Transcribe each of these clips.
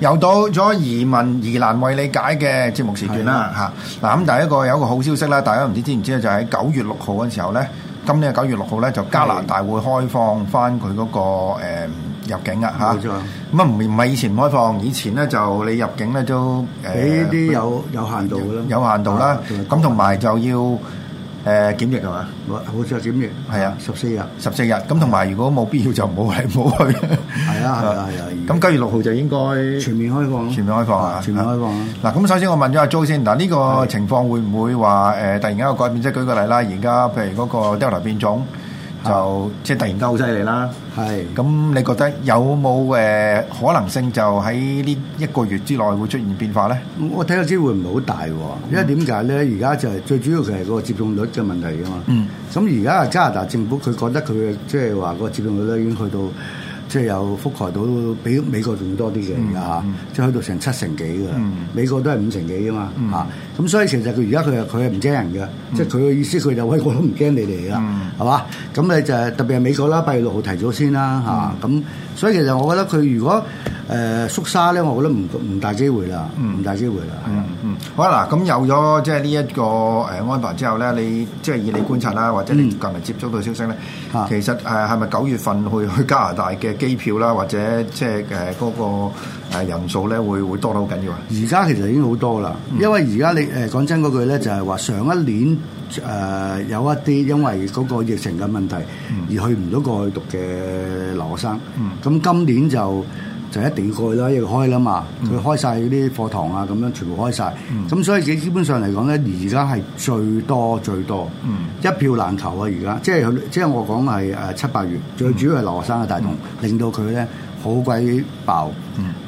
又到咗移民疑難為理解嘅節目時段啦，嚇的！嗱咁、啊、第一個有一個好消息啦，大家唔知知唔知咧？就喺九月六號嗰時候咧，今年嘅九月六號咧，就加拿大會開放翻佢嗰個入境啦，嚇的！咁啊唔唔係以前唔開放，以前咧就你入境咧都俾啲、啊、有有限度有限度啦，咁同埋就要。誒檢疫係嘛？我我著檢疫係啊，十四日十四日。咁同埋，如果冇必要就冇嚟冇去。係啊係啊係啊！咁九 月六號就應該全面開放。全面開放啊！全面開放啊！嗱，咁首先我問咗阿 Jo 先，嗱、這、呢個情況會唔會話誒、呃、突然間有改變？即係舉個例啦，而家譬如嗰個 Delta 變種。就即係突然間好犀利啦，係咁是你覺得有冇誒、呃、可能性就喺呢一個月之內會出現變化咧？我睇個機會唔係好大喎，因為點解咧？而家就係最主要嘅係個接種率嘅問題㗎嘛。嗯。咁而家加拿大政府佢覺得佢即係話個接種率已經去到。即係有覆蓋到，比美國仲要多啲嘅而家嚇，嗯嗯、即係去到成七成幾㗎，嗯、美國都係五成幾、嗯、㗎嘛嚇，咁所以其實佢而家佢係佢係唔驚人嘅，嗯、即係佢嘅意思佢就喂、是、我都唔驚你哋㗎，係嘛、嗯？咁你就係、是、特別係美國啦，八月六號提早先啦嚇，咁、嗯。啊所以其實我覺得佢如果誒、呃、縮沙咧，我覺得唔唔大機會啦，唔大機會啦、嗯。嗯嗯。係好啦，咁有咗即係呢一個誒安排之後咧，你即係以你觀察啦，或者你近嚟接觸到消息咧，嗯、其實誒係咪九月份去去加拿大嘅機票啦，或者即係誒嗰個？誒、呃、人數咧會會多到好緊要啊！而家其實已經好多啦，嗯、因為而家你誒講、呃、真嗰句咧，就係、是、話上一年誒、呃、有一啲因為嗰個疫情嘅問題而去唔到過去讀嘅留學生，咁、嗯、今年就就一定要過去啦，要開啦嘛，佢、嗯、開晒啲課堂啊，咁樣全部開晒。咁、嗯、所以佢基本上嚟講咧，而家係最多最多，嗯、一票難求啊！而家即係即係我講係誒七八月，最主要係留學生嘅大同，令到佢咧。好鬼爆，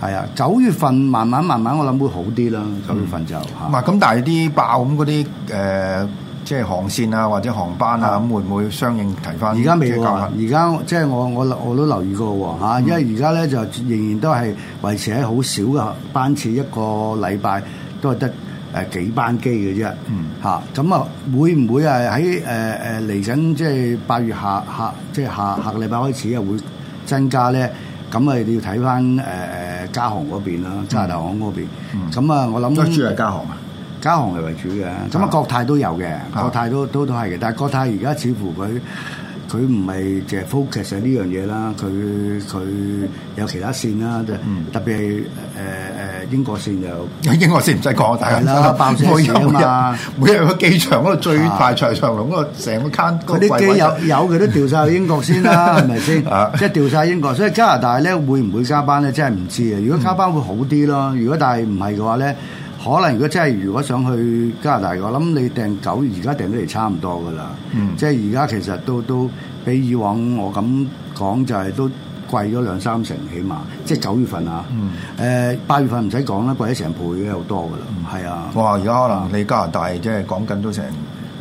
係啊、嗯！九月份慢慢慢慢，我諗會好啲啦。九月份就，唔係咁，但係啲爆咁嗰啲誒，即係航線啊，或者航班啊，咁、嗯、會唔會相應提翻？而家未喎，而家嗎即係我我我都留意過喎，因為而家咧就仍然都係維持喺好少嘅班次，一個禮拜都係得誒幾班機嘅啫。嚇咁啊，嗯、會唔會啊喺誒誒嚟緊即係八月下即下即係下下個禮拜開始又會增加咧？咁啊，你要睇翻誒誒，嘉航嗰邊啦，加拿大航嗰邊。咁、嗯、啊，我諗都主係嘉航，啊，嘉航係為主嘅。咁啊的，國泰都有嘅，國的泰都都都係嘅。但係國泰而家似乎佢佢唔係淨係 focus 呢樣嘢啦，佢佢有其他線啦，就、嗯、特別係誒誒。呃呃英國先有，英國先唔使講， 大家都知道爆每日個機場嗰度 最大場長龍，嗰成個艙嗰啲機有有，佢 都掉晒去英國先啦、啊，係咪先？即係掉晒英國，所以加拿大咧會唔會加班咧？真係唔知啊！如果加班會好啲咯，如果但係唔係嘅話咧，可能如果真係如果想去加拿大，嘅話我諗你訂九而家訂都係 差唔多噶啦。即係而家其實都都比以往我咁講就係都。貴咗兩三成起碼，即係九月份啊，誒、嗯呃、八月份唔使講啦，貴咗成倍嘅好多噶啦，係、嗯、啊！哇！而家可能你加拿大即係講緊都成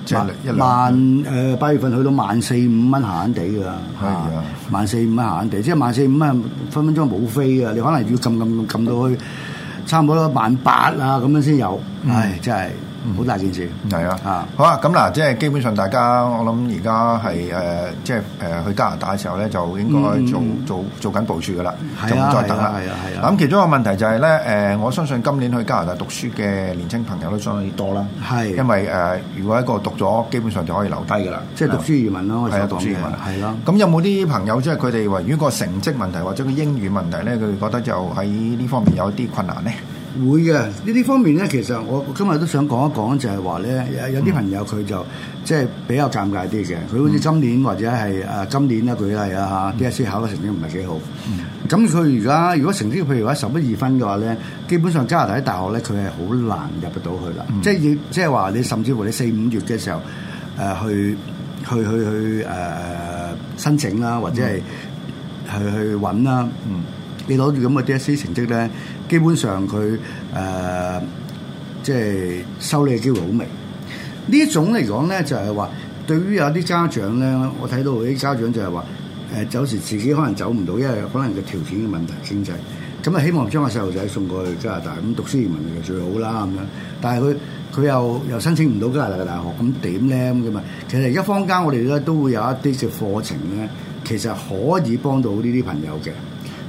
即係一,一萬誒、呃、八月份去到萬四五蚊閒閒地㗎，係啊，萬四五蚊閒閒地，即係萬四五蚊分分鐘冇飛啊。你可能要撳撳撳到去差唔多萬八啊咁樣先有，嗯、唉，真係。好、嗯、大件事，係啊，啊好啊，咁嗱，即係基本上大家，我諗而家係誒，即係誒、呃、去加拿大嘅時候咧，就應該做、嗯、做做緊部署噶啦，啊、就唔再等啦。係啊，係啊，咁、啊、其中一個問題就係、是、咧，誒、呃，我相信今年去加拿大讀書嘅年輕朋友都相當多啦。係、啊，因為誒、呃，如果一個讀咗，基本上就可以留低噶啦。即係讀書移民咯，係啊，讀書移民係咯。咁、啊啊、有冇啲朋友即係佢哋話，如果個成績問題或者個英語問題咧，佢哋覺得就喺呢方面有啲困難咧？會嘅呢啲方面咧，其實我今日都想講一講，就係話咧，有啲朋友佢就即係、嗯、比較尷尬啲嘅，佢好似今年、嗯、或者係啊今年啦，舉例啊嚇 D S E、嗯、考嘅成績唔係幾好，咁佢而家如果成績譬如話十一二分嘅話咧，基本上加拿大大學咧佢係好難入到去啦，即係要即係話你甚至乎你四五月嘅時候誒、呃、去去去去誒、呃、申請啦，或者係去去揾啦，嗯、你攞住咁嘅 D S E 成績咧。基本上佢誒即係收你嘅機會好微。種呢種嚟講咧就係話，對於有啲家長咧，我睇到啲家長就係話，誒、呃、有時自己可能走唔到，因為可能個條件嘅問題經濟，咁啊希望將個細路仔送過去加拿大，咁讀書移民就最好啦咁樣。但係佢佢又又申請唔到加拿大嘅大學，咁點咧咁嘅嘛？其實而家坊間我哋咧都會有一啲嘅課程咧，其實可以幫到呢啲朋友嘅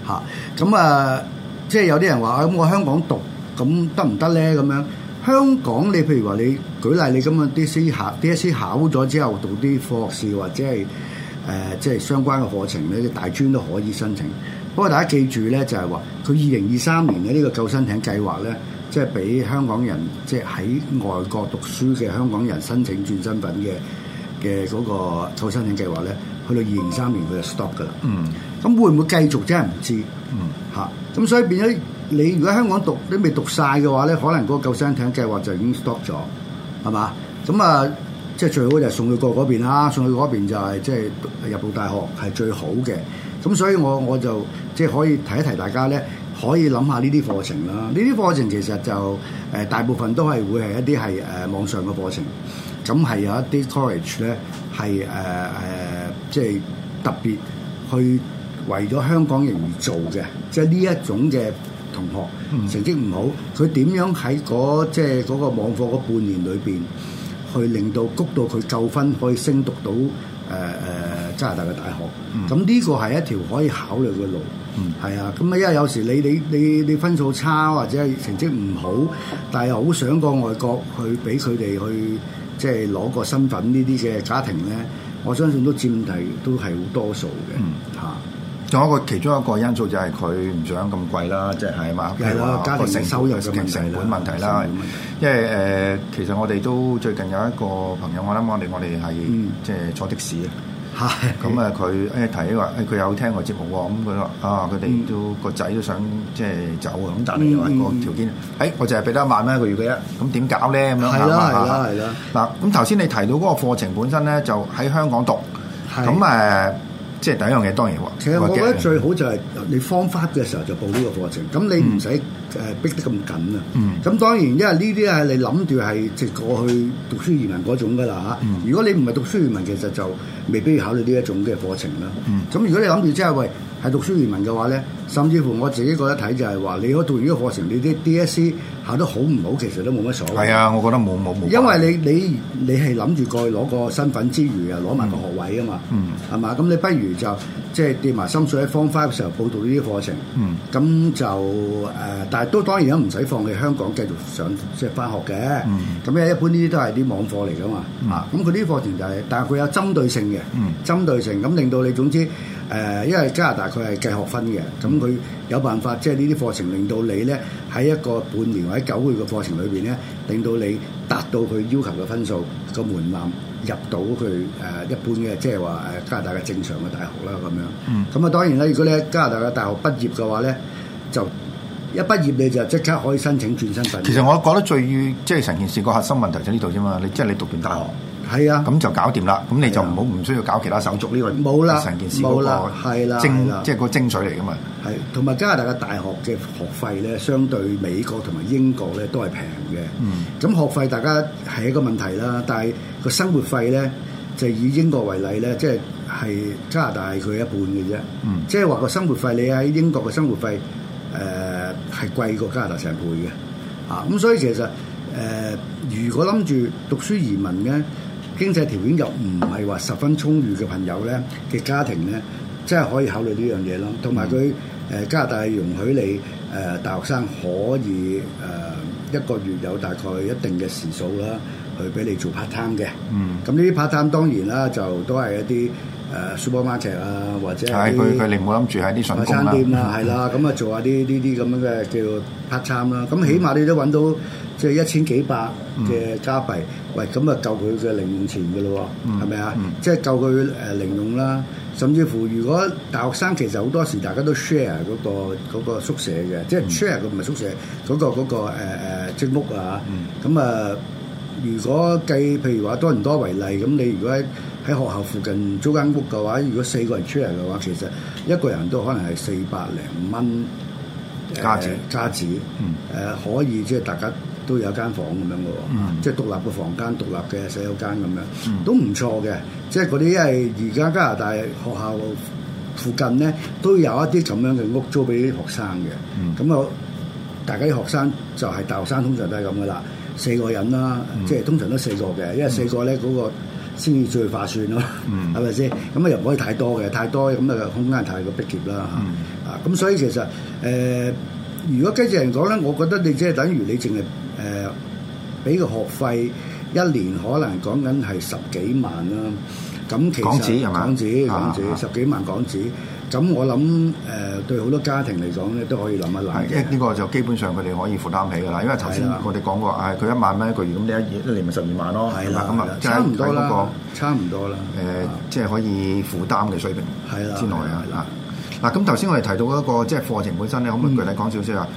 嚇，咁啊。即係有啲人話咁，嗯，我香港讀咁得唔得咧？咁樣。行行樣香港你譬如話你舉例，你咁嘅 DSE 考 DSE 考咗之後讀啲副學士或者係誒、呃、即係相關嘅課程咧，你大專都可以申請。不過大家記住咧，就係話佢二零二三年嘅呢個舊申請計劃咧，即係俾香港人即係喺外國讀書嘅香港人申請轉身份嘅嘅嗰個舊申請計劃咧。去到二零三年佢就 stop 噶啦，嗯，咁會唔會繼續真係唔知，嗯，嚇、啊，咁所以變咗你如果香港讀都未讀晒嘅話咧，可能嗰個救生艇計劃就已經 stop 咗，係嘛？咁啊，即係最好就送去過嗰邊啦，送去嗰邊就係即係入到大學係最好嘅。咁所以我我就即係、就係、可以提一提大家咧，可以諗下呢啲課程啦。呢啲課程其實就誒、呃、大部分都係會係一啲係誒網上嘅課程，咁係有一啲 college 咧係誒誒。即係特別去為咗香港人而做嘅，即係呢一種嘅同學、嗯、成績唔好，佢點樣喺嗰、那個、即係嗰個網課嗰半年裏邊，去令到谷到佢夠分可以升讀到誒誒、呃、加拿大嘅大學？咁呢、嗯、個係一條可以考慮嘅路，係啊、嗯。咁啊，因為有時你你你你分數差或者係成績唔好，但係好想過外國去俾佢哋去即係攞個身份呢啲嘅家庭咧。我相信都佔係都係好多數嘅，嗯嚇。仲有一個其中一個因素就係佢唔想咁貴啦，即係係嘛，係啦，譬如家庭嘅收入成成本問題啦。題因為誒、呃，其實我哋都最近有一個朋友，我諗我哋我哋係即係坐的士。係，咁啊佢一睇話，誒佢有聽我節目喎，咁佢話啊，佢哋都個仔都想即係走啊，咁但係又係個條件，誒我就係俾得一萬蚊一個月嘅啫，咁點搞咧咁樣嚇嘛嚇？嗱， 咁頭先你提到嗰個課程本身咧，就喺香港讀，咁誒的。嗯呃即係第一樣嘢，當然喎。其實我覺得最好就係你方法嘅時候就報呢個課程，咁你唔使誒逼得咁緊啊。嗯。咁、嗯、當然，因為呢啲係你諗住係直係過去讀書移民嗰種噶啦嚇。嗯、如果你唔係讀書移民，其實就未必要考慮呢一種嘅課程啦。嗯。咁如果你諗住即係喂係讀書移民嘅話咧，甚至乎我自己覺得睇就係話，你可讀完呢個課程，你啲 DSE 考得好唔好，其實都冇乜所謂。係啊，我覺得冇冇冇。因為你你你係諗住過去攞個身份之餘啊，攞埋個學位啊嘛，係嘛、嗯？咁你不如就即係、就是、跌埋心水喺 Form Five 時候報讀呢啲課程，咁、嗯、就誒、呃，但係都當然都唔使放棄香港繼續上即係翻學嘅。咁咧、嗯、一般呢啲都係啲網課嚟噶嘛，嗯、啊咁佢啲課程就係、是，但係佢有針對性嘅，嗯、針對性咁令到你總之誒、呃，因為加拿大佢係計學分嘅，咁佢、嗯。有辦法，即係呢啲課程令到你咧喺一個半年或者九個月嘅課程裏邊咧，令到你達到佢要求嘅分數，個門檻入到去誒一般嘅，即係話誒加拿大嘅正常嘅大學啦咁樣。咁啊、嗯，當然啦，如果你喺加拿大嘅大學畢業嘅話咧，就一畢業你就即刻可以申請轉身份。其實我覺得最即係成件事個核心問題就喺呢度啫嘛，你即係、就是、你讀完大學。係啊，咁就搞掂啦。咁你就唔好唔需要搞其他手續呢個。冇啦，成件事冇啦，係啦，即係嗰個精髓嚟噶嘛。係，同埋加拿大嘅大學嘅學費咧，相對美國同埋英國咧都係平嘅。嗯。咁學費大家係一個問題啦，但係個生活費咧就以英國為例咧，即係係加拿大佢一半嘅啫。嗯。即係話個生活費，你喺英國嘅生活費誒係貴過加拿大成倍嘅。啊，咁所以其實誒，如果諗住讀書移民咧。經濟條件又唔係話十分充裕嘅朋友咧嘅家庭咧，真係可以考慮呢樣嘢咯。同埋佢誒加拿大容許你誒、呃、大學生可以誒、呃、一個月有大概一定嘅時數啦，去俾你做 part time 嘅。嗯，咁呢啲 part time 當然啦，就都係一啲。誒 supermarket 啊，或者諗住喺啲快餐店啦，係啦，咁啊做下啲呢啲咁樣嘅叫 part time 啦，咁起碼你都揾到即係一千幾百嘅加幣，喂，咁啊夠佢嘅零用錢嘅咯，係咪啊？即係夠佢誒零用啦，甚至乎如果大學生其實好多時大家都 share 嗰個宿舍嘅，即係 share 個唔係宿舍嗰個嗰個誒積屋啊，咁啊，如果計譬如話多倫多為例，咁你如果，喺學校附近租間屋嘅話，如果四個人出嚟嘅話，其實一個人都可能係四百零蚊揸紙揸紙，誒可以即係大家都有一間房咁樣嘅喎，即係、嗯、獨立嘅房間、獨立嘅洗手間咁樣，嗯、都唔錯嘅。即係嗰啲因為而家加拿大學校附近咧，都有一啲咁樣嘅屋租俾啲學生嘅。咁啊、嗯，大家啲學生就係大學生，通常都係咁嘅啦，四個人啦，嗯、即係通常都四個嘅，因為四個咧、嗰、嗰個。嗰個嗰個嗰個先至最划算咯，係咪先？咁啊 又唔可以太多嘅，太多咁啊空間太過逼貼啦嚇。嗯、啊，咁所以其實誒、呃，如果基準嚟講咧，我覺得你即係等於你淨係誒，俾、呃、個學費一年可能講緊係十幾萬啦。咁、啊、其實港紙港紙港紙、啊啊、十幾萬港紙。咁我諗誒對好多家庭嚟講咧，都可以諗一諗嘅。因為呢個就基本上佢哋可以負擔起噶啦，因為頭先我哋講過，係佢一萬蚊一個月，咁你一一年咪十二萬咯。係啦，咁啊，即係多嗰個差唔多啦。誒，即係可以負擔嘅水平之內啊。嗱，嗱，咁頭先我哋提到一個即係課程本身咧，可唔可以具體講少少啊？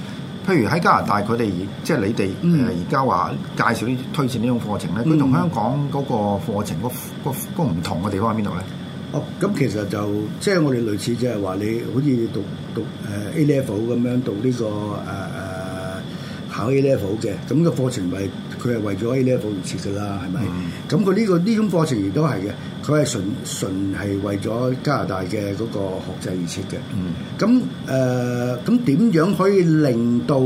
譬如喺加拿大，佢哋即係你哋而家話介紹推薦呢種課程咧，佢同香港嗰個課程嗰唔同嘅地方喺邊度咧？咁、哦、其實就即係我哋類似，即係話你好，好似讀讀誒、呃這個呃這個呃、A level 咁樣讀呢個誒誒考 A level 嘅，咁個課程咪，佢係為咗 A level 而設噶啦，係咪？咁佢呢個呢種課程亦都係嘅，佢係純純係為咗加拿大嘅嗰個學制而設嘅。咁誒、嗯，咁點、呃、樣可以令到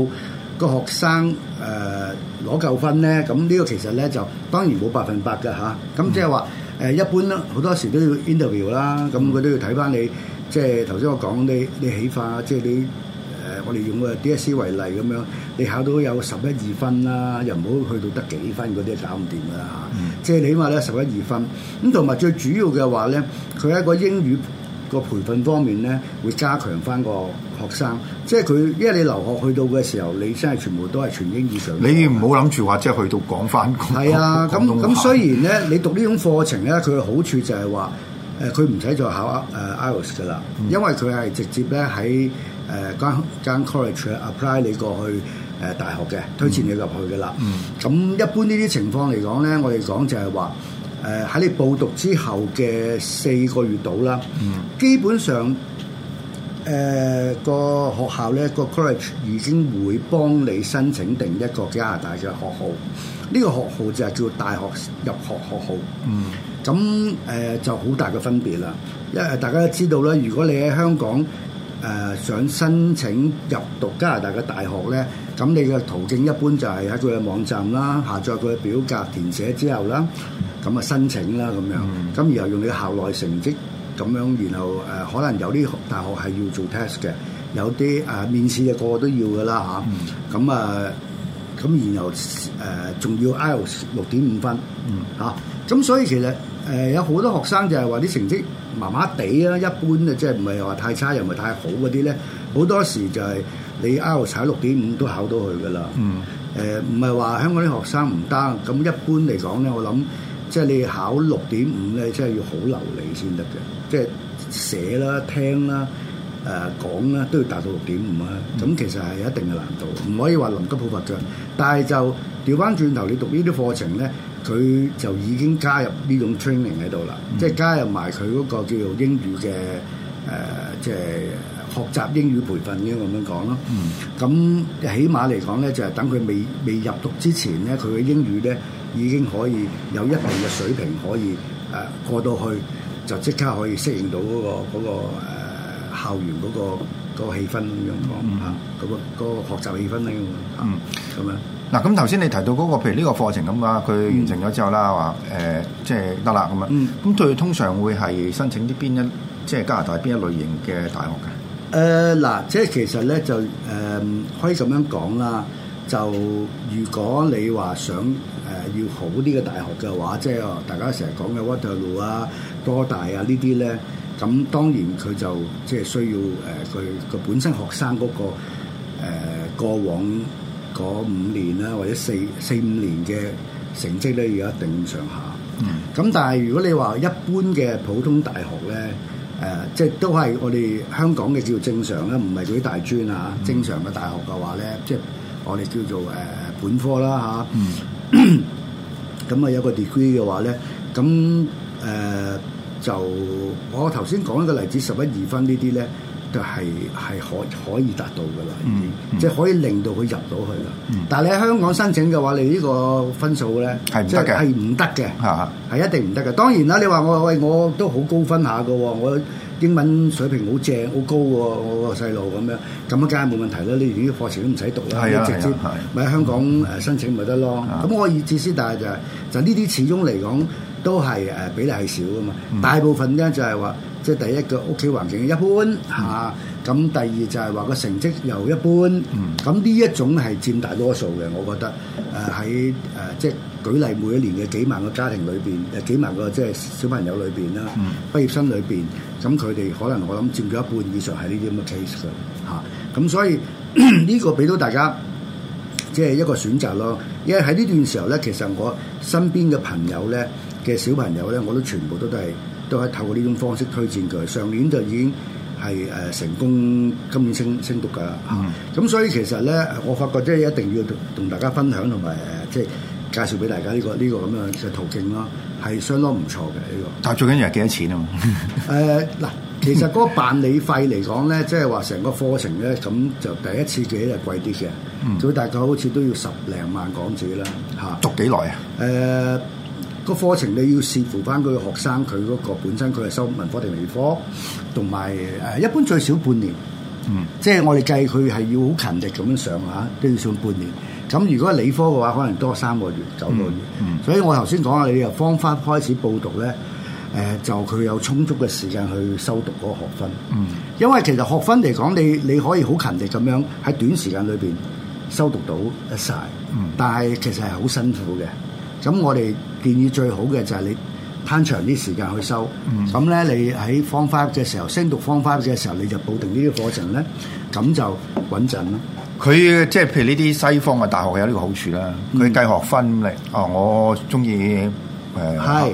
個學生誒攞夠分咧？咁呢個其實咧就當然冇百分百㗎吓。咁即係話。啊誒一般啦，好多時都要 interview 啦，咁佢都要睇翻你，嗯、即係頭先我講你你起碼，即係你。誒、呃、我哋用嘅 DSE 為例咁樣，你考到有十一二分啦，又唔好去到得幾分嗰啲搞唔掂㗎啦嚇，啊嗯、即係你起碼咧十一二分，咁同埋最主要嘅話咧，佢係一個英語。個培訓方面咧，會加強翻個學生，即係佢，因為你留學去到嘅時候，你真係全部都係全英以上。你唔好諗住話即係去到講翻。係啊，咁咁雖然咧，你讀呢種課程咧，佢嘅好處就係話，誒佢唔使再考誒 IELTS 㗎啦，呃嗯、因為佢係直接咧喺誒間間 college apply 你過去誒大學嘅，推薦你入去㗎啦。咁、嗯嗯、一般呢啲情況嚟講咧，我哋講就係話。誒喺你報讀之後嘅四個月度啦，嗯、基本上誒、呃、個學校咧個 college 已經會幫你申請定一個加拿大嘅學號，呢、這個學號就係叫大學入學學號。嗯，咁誒、呃、就好大嘅分別啦，因為大家都知道咧，如果你喺香港。誒想申請入讀加拿大嘅大學咧，咁你嘅途徑一般就係喺佢嘅網站啦，下載佢嘅表格填寫之後啦，咁啊、嗯、申請啦咁樣，咁、嗯、然後用你校內成績咁樣，然後誒、呃、可能有啲大學係要做 test 嘅，有啲誒、呃、面試嘅個個都要噶啦吓，咁啊咁、嗯、然後誒仲、呃、要 IELTS 六點五分吓，咁所以其實誒、呃、有好多學生就係話啲成績。麻麻地啊，一般啊，即係唔係話太差又唔係太好嗰啲咧，好多時就係你 L 踩六點五都考到去噶啦。嗯。誒、呃，唔係話香港啲學生唔得，咁一般嚟講咧，我諗即係你考六點五咧，即係要好流利先得嘅，即係寫啦、聽啦、誒、呃、講啦，都要達到六點五啊。咁其實係有一定嘅難度，唔可以話臨急抱佛像。但係就調翻轉頭，你讀呢啲課程咧。佢就已經加入呢種 training 喺度啦，即係加入埋佢嗰個叫做英語嘅誒，即係學習英語培訓嘅，我咁樣講咯。咁起碼嚟講咧，就係等佢未未入讀之前咧，佢嘅英語咧已經可以有一定嘅水平，可以誒過到去就即刻可以適應到嗰個嗰個呃校園嗰個嗰個氣氛咁樣講嚇，嗯，啊，嗰個嗰個學習氣氛咧，嗯，啊，咁樣。嗯。嗱，咁頭先你提到嗰個，譬如呢個課程咁啊，佢完成咗之後啦，話誒、嗯呃，即係得啦咁啊。咁佢、嗯、通常會係申請啲邊一，即係加拿大邊一類型嘅大學嘅？誒嗱、呃，即係其實咧就誒、呃、可以咁樣講啦。就如果你話想誒、呃、要好啲嘅大學嘅話，即係大家成日講嘅 Waterloo 啊、多大啊呢啲咧，咁當然佢就即係需要誒佢佢本身學生嗰、那個誒、呃、過往。嗰五年啦，或者四四五年嘅成績咧，要一定上下。咁、嗯、但係如果你話一般嘅普通大學咧，誒、呃，即係都係我哋香港嘅叫正常啦，唔係嗰啲大專啊，正常嘅大學嘅話咧，嗯、即係我哋叫做誒、呃、本科啦嚇。咁啊、嗯、 有個 degree 嘅話咧，咁誒、呃、就我頭先講一個例子，十一二分呢啲咧。就係係可可以達到嘅啦，已經、即係、嗯、可以令到佢入到去啦。嗯、但係你喺香港申請嘅話，你呢個分數咧係唔得嘅，係的一定唔得嘅。當然啦，你話我喂我都好高分下嘅喎，我英文水平好正好高喎、啊，我個細路咁樣，咁樣梗係冇問題啦。你連啲課程都唔使讀啦，的你直接咪喺香港誒申請咪得咯。咁、嗯、我意思先，但係就就呢啲始終嚟講都係誒比例係少嘅嘛。大部分咧就係話。即係第一個屋企環境一般嚇，咁、嗯啊、第二就係話個成績又一般，咁呢、嗯、一種係佔大多數嘅，我覺得誒喺誒即係舉例每一年嘅幾萬個家庭裏邊，誒幾萬個即係小朋友裏邊啦，畢、嗯、業生裏邊，咁佢哋可能我諗佔咗一半以上係呢啲咁嘅 case 嘅嚇，咁、啊嗯、所以呢、 這個俾到大家即係一個選擇咯，因為喺呢段時候咧，其實我身邊嘅朋友咧嘅小朋友咧，我都全部都都係。都係透過呢種方式推薦佢，上年就已經係誒成功，今年升升讀噶啦，咁所以其實咧，我發覺即係一定要同大家分享同埋誒，即係介紹俾大家呢個呢個咁樣嘅途徑咯，係相當唔錯嘅呢個。但係最緊要係幾多錢啊？誒 嗱、呃，其實嗰個辦理費嚟講咧，即係話成個課程咧，咁就第一次嘅咧、嗯、就貴啲嘅，所以大概好似都要十零萬港紙啦嚇。讀幾耐啊？誒、啊。呃個課程你要視乎翻佢學生佢嗰個本身佢係修文科定理科，同埋誒一般最少半年，嗯，即係我哋計佢係要好勤力咁樣上下，都要上半年。咁如果理科嘅話，可能多三個月、九個月。嗯嗯、所以我頭先講下你由方法開始報讀咧，誒、呃、就佢有充足嘅時間去修讀嗰個學分。嗯，因為其實學分嚟講，你你可以好勤力咁樣喺短時間裏邊修讀到一晒，嗯、但係其實係好辛苦嘅。咁我哋建議最好嘅就係你攤長啲時間去修。咁咧、嗯、你喺 form five 嘅時候升讀 form five 嘅時候，你就保定呢啲課程咧，咁就穩陣啦。佢即係譬如呢啲西方嘅大學有呢個好處啦，佢計學分嚟。嗯、哦，我中意。嗨、呃。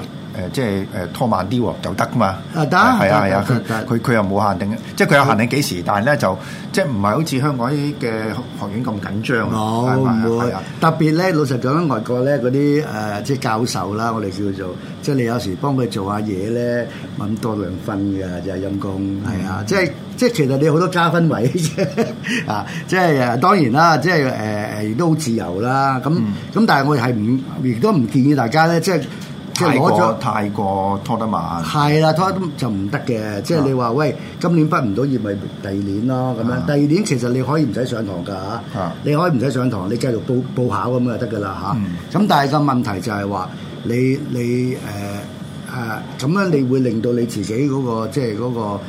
誒即係誒拖慢啲喎就得嘛，啊得，係啊係啊，佢佢又冇限定，即係佢有限定幾時，但係咧就即係唔係好似香港啲嘅學院咁緊張啊？冇唔會特別咧，老實講咧，外國咧嗰啲誒即係教授啦，我哋叫做即係你有時幫佢做下嘢咧，揾多兩分嘅就陰功，係啊，即係即係其實你好多加分位嘅啊，即係誒當然啦，即係誒亦都好自由啦，咁咁但係我係唔亦都唔建議大家咧，即係。即係攞咗太過拖得慢，係啦的的拖得就唔得嘅。即係你話喂，今年畢唔到業咪第二年咯咁樣。是的 第二年其實你可以唔使上堂㗎嚇，是的 你可以唔使上堂，你繼續報報考咁就得㗎啦嚇。咁是的、嗯、但係個問題就係話你你誒誒咁樣，呃呃、樣你會令到你自己嗰個即係嗰個。就是那個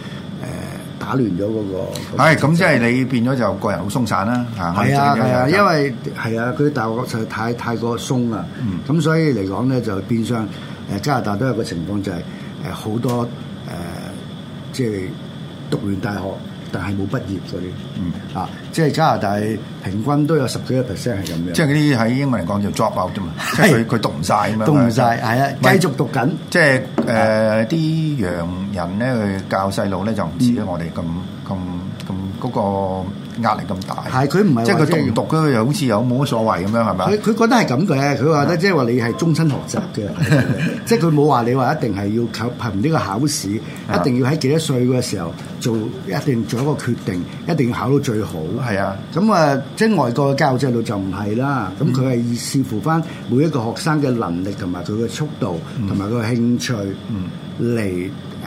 打亂咗嗰個，係咁是即係你變咗就個人好鬆散啦嚇。係啊係啊，因為係啊，佢大學實在太太過鬆啊。嗯，咁所以嚟講咧就變相誒、呃、加拿大都有一個情況就係誒好多誒即係讀完大學。但係冇畢業所以，嗯啊，即係加拿大平均都有十幾個 percent 係咁樣，即係嗰啲喺英文嚟講叫 drop out 啫嘛，是即係佢佢讀唔晒，啊嘛，讀唔晒係啊，繼續讀緊，即係誒啲洋人咧佢教細路咧就唔似我哋咁咁咁嗰個。壓力咁大，係佢唔係即係佢讀唔讀佢又好似又冇乜所謂咁樣，係咪？佢佢覺得係咁嘅，佢話咧即係話你係終身學習嘅的， 即係佢冇話你話一定係要靠憑呢個考試，的一定要喺幾多歲嘅時候做一定做一個決定，一定要考到最好。係啊的，咁啊，即係外國嘅教育制度就唔係啦，咁佢係視乎翻每一個學生嘅能力同埋佢嘅速度同埋佢嘅興趣嚟。嗯誒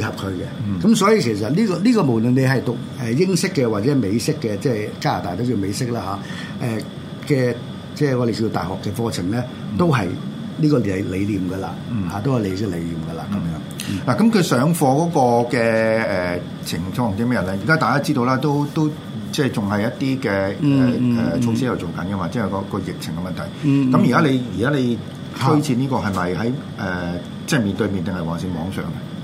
配合佢嘅，咁、嗯、所以其實呢、這個呢、這個無論你係讀誒英式嘅或者美式嘅，即、就、係、是、加拿大都叫美式啦嚇，誒嘅即係我哋叫大學嘅課程咧，都係呢個理念、嗯、都理念噶啦，嚇都係理嘅理念噶啦咁樣。嗱咁佢上課嗰個嘅誒、呃、情況啲咩人咧？而家大家知道啦，都都即係仲係一啲嘅誒措施度做緊嘅嘛，即、就、係、是、個疫情嘅問題。咁而家你而家你推薦呢個係咪喺誒即係面對面定係還是網上,網上？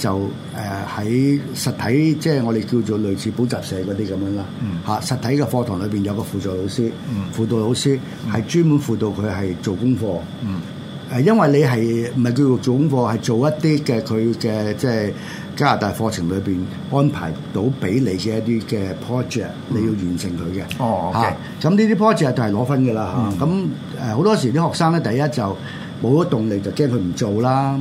就誒喺實體，即係我哋叫做類似補習社嗰啲咁樣啦。嚇、嗯，實體嘅課堂裏邊有個輔助老師，嗯、輔導老師係專門輔導佢係做功課。誒、嗯，因為你係唔係叫做做功課，係做一啲嘅佢嘅即係加拿大課程裏邊安排到俾你嘅一啲嘅 project，你要完成佢嘅。哦，嚇、okay. 啊，咁呢啲 project 就係攞分㗎啦。嚇、嗯，咁誒好多時啲學生咧，第一就，冇咗動力就驚佢唔做啦。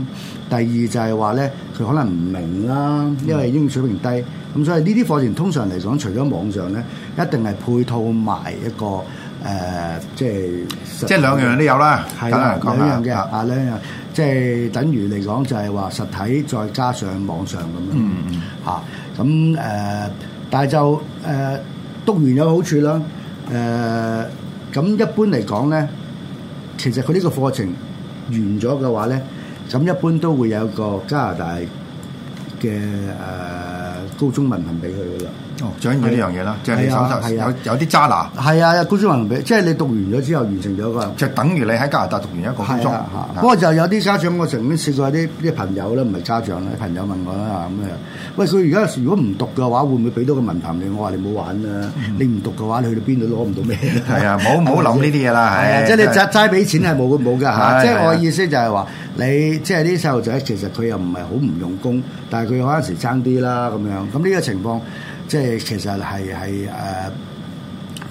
第二就係話咧，佢可能唔明啦，因為英語水平低。咁、嗯、所以呢啲課程通常嚟講，除咗網上咧，一定係配套埋一個誒、呃，即係即係兩樣都有啦。係啦、啊，兩樣嘅合咧，即係等於嚟講就係話實體再加上網上咁樣。嗯嗯、啊。嚇，咁、呃、誒，但係就誒讀、呃、完有好處啦。誒、呃，咁、呃、一般嚟講咧，其實佢呢個課程。完咗嘅話咧，咁一般都會有個加拿大嘅誒、呃、高中文憑俾佢噶啦。哦，獎勵呢樣嘢啦，即係你手頭有有啲渣啦。係啊，高中文憑俾，即係你讀完咗之後完成咗個。就等於你喺加拿大讀完一個高中嚇。不過就有啲家長，我曾經試過啲啲朋友啦，唔係家長啦，朋友問我啦咁啊。喂，佢而家如果唔讀嘅話，會唔會俾到個文憑你？我話你冇玩啊，你唔讀嘅話，你去到邊度攞唔到咩？係啊，冇冇諗呢啲嘢啦。係啊，即係你齋齋俾錢係冇冇㗎嚇。即係我意思就係話，你即係啲細路仔其實佢又唔係好唔用功，但係佢可陣時爭啲啦咁樣。咁呢個情況。即係其實係係誒，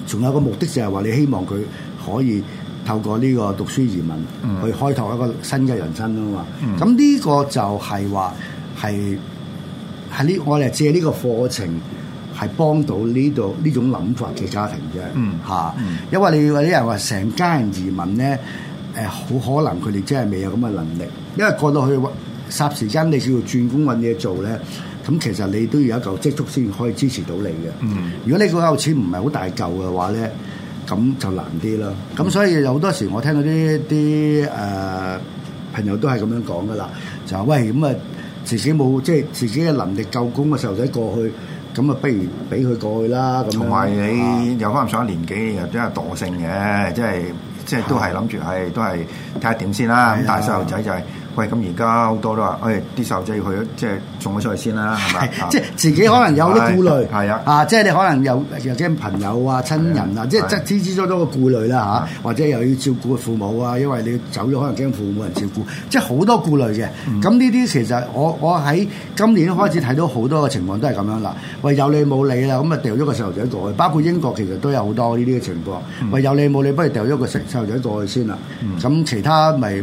仲、呃、有個目的就係話你希望佢可以透過呢個讀書移民去開拓一個新嘅人生啊嘛。咁呢、mm hmm. 個就係話係係呢，我哋借呢個課程係幫到呢度呢種諗法嘅家庭啫。嚇、mm hmm.，因為你啲人話成家人移民咧，誒好可能佢哋真係未有咁嘅能力，因為過到去揾霎時間你叫要轉工揾嘢做咧。咁其實你都要有一嚿積蓄先可以支持到你嘅。嗯，如果你個嚿錢唔係好大嚿嘅話咧，咁就難啲啦。咁、嗯、所以有好多時我聽到啲啲誒朋友都係咁樣講噶啦，就話喂，咁啊，自己冇即係自己嘅能力夠工嘅細路仔過去，咁啊不如俾佢過去啦。咁同埋你有翻上一年紀又比較惰性嘅，即係即係都係諗住係都係睇下點先啦。咁的但係細路仔就係、是。喂，咁而家好多都話，誒啲細路仔要去，即係送咗出去先啦，係咪？即係自己可能有啲顧慮，係啊，啊，即係你可能有又驚朋友啊、親人啊，即係即係諸諸多多嘅顧慮啦，嚇、嗯啊，或者又要照顧個父母啊，因為你走咗，可能驚父母冇人照顧，即係好多顧慮嘅。咁呢啲其實我我喺今年開始睇到好多嘅情況都係咁樣啦。喂，有你冇你啦，咁咪掉咗個細路仔過去。包括英國其實都有好多呢啲嘅情況。喂，有你冇你，不如掉咗個細路仔過去先啦。咁、嗯、其他咪誒誒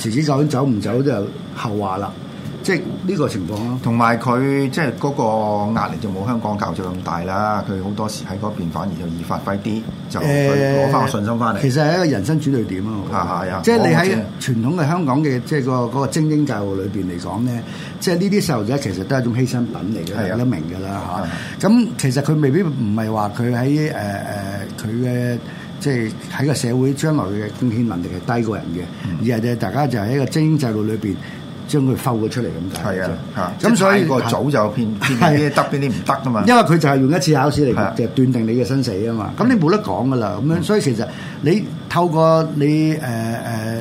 遲遲夠咗走。唔走就後話啦，即係呢個情況咯、啊。同埋佢即係嗰個壓力就冇香港教育咁大啦。佢好多時喺嗰邊反而就易發揮啲，就攞翻個信心翻嚟、欸。其實係一個人生轉捩點咯。係啊，即係你喺傳統嘅香港嘅即係、嗰個嗰、嗰個精英教育裏邊嚟講咧，即係呢啲細路仔其實都係一種犧牲品嚟嘅，大家的明㗎啦嚇。咁的其實佢未必唔係話佢喺誒誒佢嘅。呃即係喺個社會將來嘅貢獻能力係低過人嘅，而係咧大家就喺一個精英制度裏邊將佢摳咗出嚟咁解。係啊，咁所以個早就偏係特別啲唔得噶嘛。因為佢就係用一次考試嚟就斷定你嘅生死啊嘛。咁你冇得講噶啦。咁樣所以其實你透過你誒誒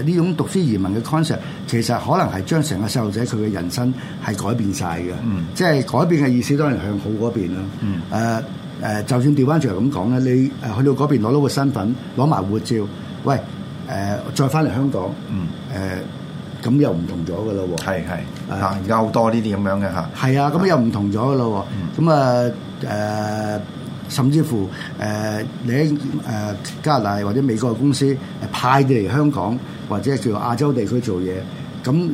呢種讀書移民嘅 concept，其實可能係將成個細路仔佢嘅人生係改變晒嘅。即係改變嘅意思當然向好嗰邊啦。嗯，誒、呃，就算調翻出嚟咁講咧，你誒去到嗰邊攞到個身份，攞埋護照，喂，誒、呃、再翻嚟香港，誒咁、嗯呃、又唔同咗㗎咯喎。係係，呃、係係啊，而家好多呢啲咁樣嘅嚇。係啊、嗯，咁又唔同咗㗎咯喎。咁啊誒，甚至乎誒、呃、你喺誒加拿大或者美國嘅公司派你嚟香港或者叫做亞洲地區做嘢，咁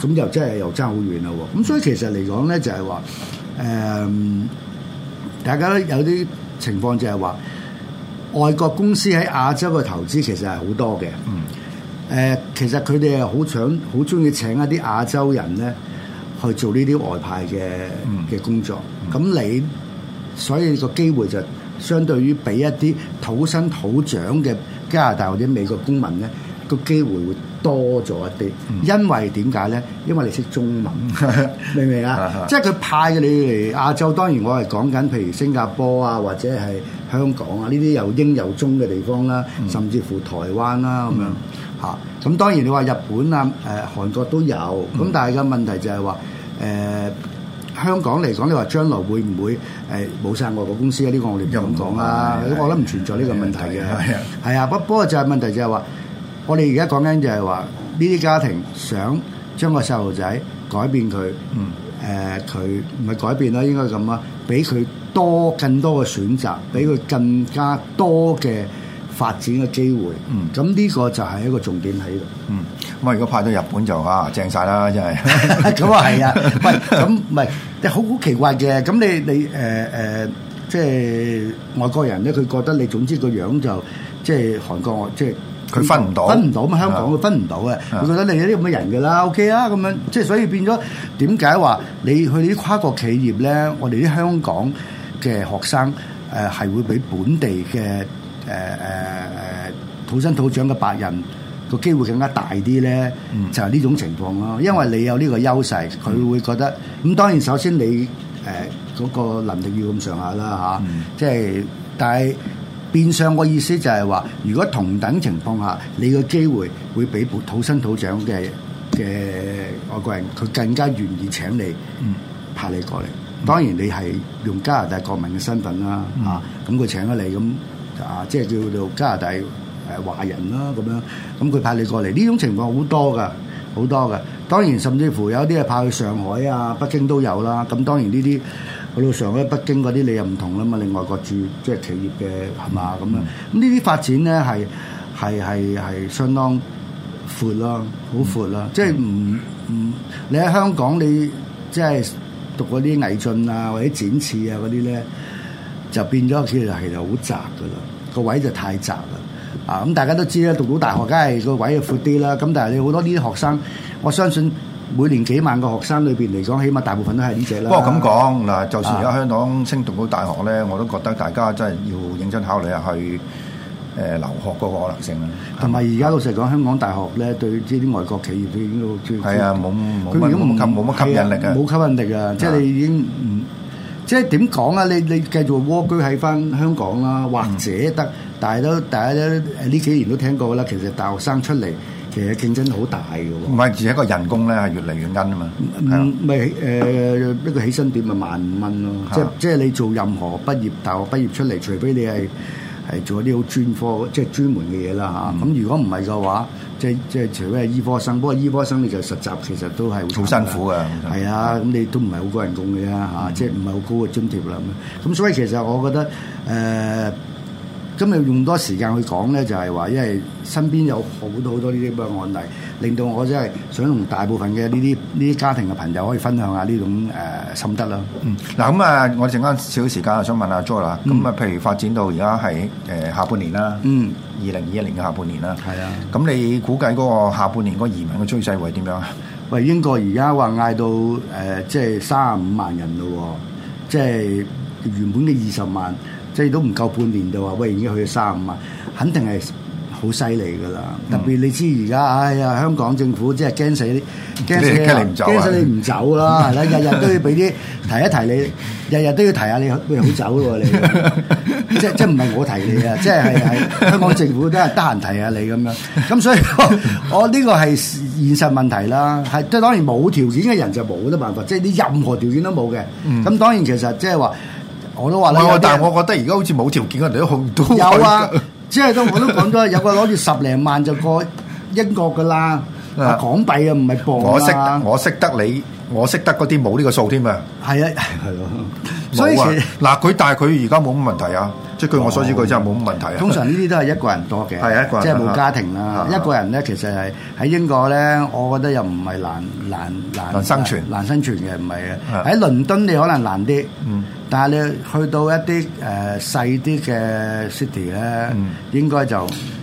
咁又真係又爭好遠啦喎。咁、呃、所以其實嚟講咧，就係話誒。大家都有啲情況就係話，外國公司喺亞洲嘅投資其實係好多嘅。誒、嗯呃，其實佢哋係好想、好中意請一啲亞洲人咧去做呢啲外派嘅嘅工作。咁、嗯嗯、你所以個機會就相對於俾一啲土生土長嘅加拿大或者美國公民咧。個機會會多咗一啲，因為點解咧？因為你識中文，明唔明啊？即係佢派咗你嚟亞洲，當然我係講緊，譬如新加坡啊，或者係香港啊，呢啲有英有中嘅地方啦，甚至乎台灣啦咁樣嚇。咁當然你話日本啊、誒韓國都有，咁但係嘅問題就係話誒香港嚟講，你話將來會唔會誒冇晒外國公司啊？呢個我哋唔敢講啊！我諗唔存在呢個問題嘅，係啊，不不過就係問題就係話。我哋而家講緊就係話，呢啲家庭想將個細路仔改變佢，嗯，誒佢唔係改變啦，應該咁啦，俾佢多更多嘅選擇，俾佢更加多嘅發展嘅機會，嗯，咁呢個就係一個重點喺度，嗯，咁啊如果派到日本就啊正晒啦，真係，咁啊係啊，唔係咁唔係，好奇怪嘅，咁你你誒誒、呃呃，即係外國人咧，佢覺得你總之個樣就即係韓國即係。佢分唔到，分唔到嘛？香港佢分唔到啊。佢的覺得你有啲咁嘅人嘅啦的，OK 啊咁樣，即係所以變咗點解話你去啲跨國企業咧，我哋啲香港嘅學生誒係、呃、會比本地嘅誒誒誒土生土長嘅白人個機會更加大啲咧？嗯、就係呢種情況咯，因為你有呢個優勢，佢、嗯、會覺得咁。嗯、當然首先你誒嗰、呃那個能力要咁上下啦嚇，即、啊、係、嗯就係、但係。變相個意思就係話，如果同等情況下，你個機會會比土生土長嘅嘅外國人，佢更加願意請你、嗯、派你過嚟。當然你係用加拿大國民嘅身份啦、啊嗯啊，啊，咁佢請咗你咁啊，即係叫做加拿大誒、啊、華人啦、啊、咁樣，咁佢派你過嚟呢種情況好多㗎，好多㗎。當然甚至乎有啲係派去上海啊、北京都有啦、啊。咁當然呢啲。去到上海，北京嗰啲你又唔同啦嘛，你外國住即係企業嘅係嘛咁樣。咁呢啲發展咧係係係係相當闊咯、啊，好闊咯、啊。嗯、即係唔唔，你喺香港你即係讀嗰啲毅進啊或者展翅啊嗰啲咧，就變咗其實係好窄噶啦，個位就太窄啦。啊咁、嗯、大家都知咧，讀到大學梗係個位就闊啲啦。咁但係你好多呢啲學生，我相信。每年幾萬個學生裏邊嚟講，起碼大部分都係呢隻啦。不過咁講嗱，就算而家香港升讀到好大學咧，我都覺得大家真係要認真考慮下去誒留學個可能性啦。同埋而家老實講，香港大學咧對呢啲外國企業都已經都最係啊，冇冇乜冇冇乜吸引力嘅，冇吸引力啊！即係你已經唔即係點講啊？你你繼續窩居喺翻香港啦，或者得，但係都大家都呢幾年都聽過啦，其實大學生出嚟。其實競爭好大嘅喎、啊，唔係，而係、嗯吧呃、一個人工咧係越嚟越奀啊嘛。唔唔，咪誒一個起薪點咪萬五蚊咯。的即即係你做任何畢業大學畢業出嚟，除非你係係做一啲好專科即係專門嘅嘢啦嚇。咁、嗯、如果唔係嘅話，即即係除非係醫科生，不過醫科生你就實習，其實都係好辛苦嘅。係啊，咁你都唔係好高人工嘅啫嚇，即係唔係好高嘅津貼啦。咁所以其實我覺得誒。呃呃咁你用多時間去講咧，就係話，因為身邊有好多好多呢啲咁嘅案例，令到我真係想同大部分嘅呢啲呢啲家庭嘅朋友可以分享下呢種誒、呃、心得啦。嗯，嗱咁啊，我哋陣間少少時間啊，想問下 Joe 啦。咁啊，譬如發展到而家係誒下半年啦，嗯，二零二一年嘅下半年啦，係啊、嗯。咁你估計嗰個下半年嗰移民嘅趨勢會點樣啊？喂，英國而家話嗌到誒、呃，即係三十五萬人咯，即係原本嘅二十萬。即係都唔夠半年就話，喂！已經去咗三十五萬，肯定係好犀利噶啦。嗯、特別你知而家，哎呀，香港政府即係驚死，驚死，、啊、死你走、啊， 驚死你唔走啦，係啦，日日都要俾啲提一提你，日日都要提下你，不如好走喎、啊、你， 你。即即唔係我提你啊，即係係香港政府啲人得閒提下你咁樣。咁所以我，我呢個係現實問題啦，係都當然冇條件嘅人就冇得辦法，即係你任何條件都冇嘅。咁、嗯、當然其實即係話。我都話，喂喂，但係我覺得而家好似冇條件，人哋都去唔到。有啊，只係都我都講咗，有個攞住十零萬就過英國噶啦，港幣啊，唔係鎊啊。我識，我識得你，我識得嗰啲冇呢個數添啊。係啊，係咯，所以、啊、其實嗱，佢但係佢而家冇乜問題啊。即係據我所知，佢真係冇乜問題。通常呢啲都係一個人多嘅，係一個人，即係冇家庭啦。一個人咧，其實係喺英國咧，我覺得又唔係難難難生存難生存嘅，唔係嘅。喺倫敦你可能難啲，但係你去到一啲誒細啲嘅 city 咧，應該就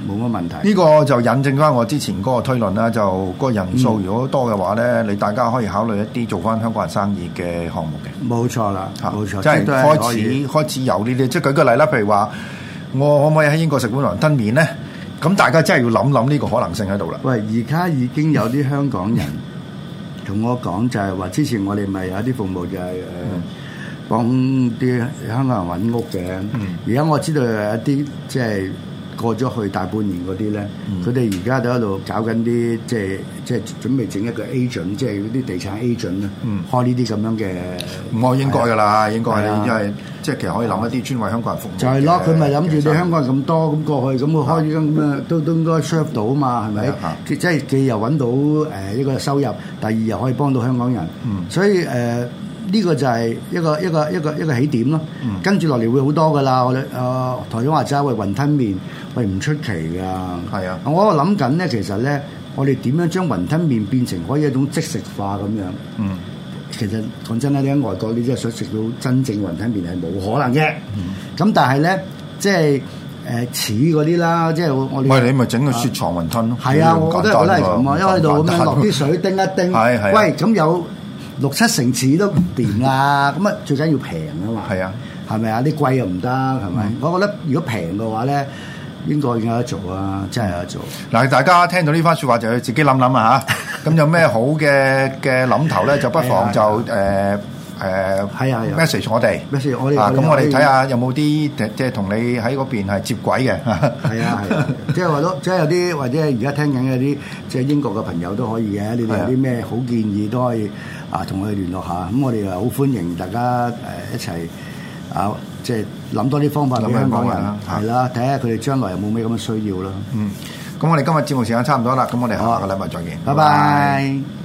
冇乜問題。呢個就引證翻我之前嗰個推論啦。就個人數如果多嘅話咧，你大家可以考慮一啲做翻香港人生意嘅項目嘅。冇錯啦，冇錯，即係開始開始有呢啲。即係舉個例啦，譬如。話我可唔可以喺英國食碗雲吞麵咧？咁大家真係要諗諗呢個可能性喺度啦。喂，而家已經有啲香港人同我講就係話，之前我哋咪有啲服務就係、是、誒、嗯、幫啲香港人揾屋嘅。而家、嗯、我知道有一啲即係。過咗去大半年嗰啲咧，佢哋而家都喺度搞緊啲，即係即係準備整一個 agent，即係嗰啲地產 agent 咧，開呢啲咁樣嘅。唔，係應該噶啦，啊、應該，因為、啊、即係其實可以諗一啲專為香港人服務。就係咯，佢咪諗住你香港人咁多咁過去，咁佢開咁啊都都應該 serve 到啊嘛，係咪？啊、即係既又揾到誒、呃、一個收入，第二又可以幫到香港人，啊、所以誒。呃呢個就係一個一個一個一個起點咯，跟住落嚟會好多噶啦。我哋誒台長話齋，喂雲吞麵，喂唔出奇噶。係啊，我喺度諗緊咧，其實咧，我哋點樣將雲吞麵變成可以一種即食化咁樣？嗯，其實講真咧，你喺外國，你真係想食到真正雲吞麵係冇可能嘅。咁但係咧，即係誒似嗰啲啦，即係我哋，喂，你咪整個雪藏雲吞咯。係啊，我覺得我都係咁啊，一喺度咁樣落啲水叮一叮，係係，喂咁有。六七成字都唔掂啊！咁啊，最緊要平啊嘛，係啊，係咪啊？啲貴又唔得，係咪？我覺得如果平嘅話咧，英國應該有得做啊，真係有得做。嗱，大家聽到呢番説話，就要自己諗諗啊吓，咁有咩好嘅嘅諗頭咧，就不妨就誒誒，係啊係啊，message 我哋，message 我哋。咁我哋睇下有冇啲即係同你喺嗰邊係接軌嘅。係啊係啊，即係話咗，即係有啲或者而家聽緊有啲即係英國嘅朋友都可以嘅。你哋有啲咩好建議都可以。啊，同佢聯絡下，咁我哋啊好歡迎大家誒、呃、一齊啊、呃，即係諗多啲方法，咁香港人係啦，睇下佢哋將來有冇咩咁嘅需要啦。嗯，咁我哋今日節目時間差唔多啦，咁我哋下個禮拜再見，啊、拜拜。拜拜。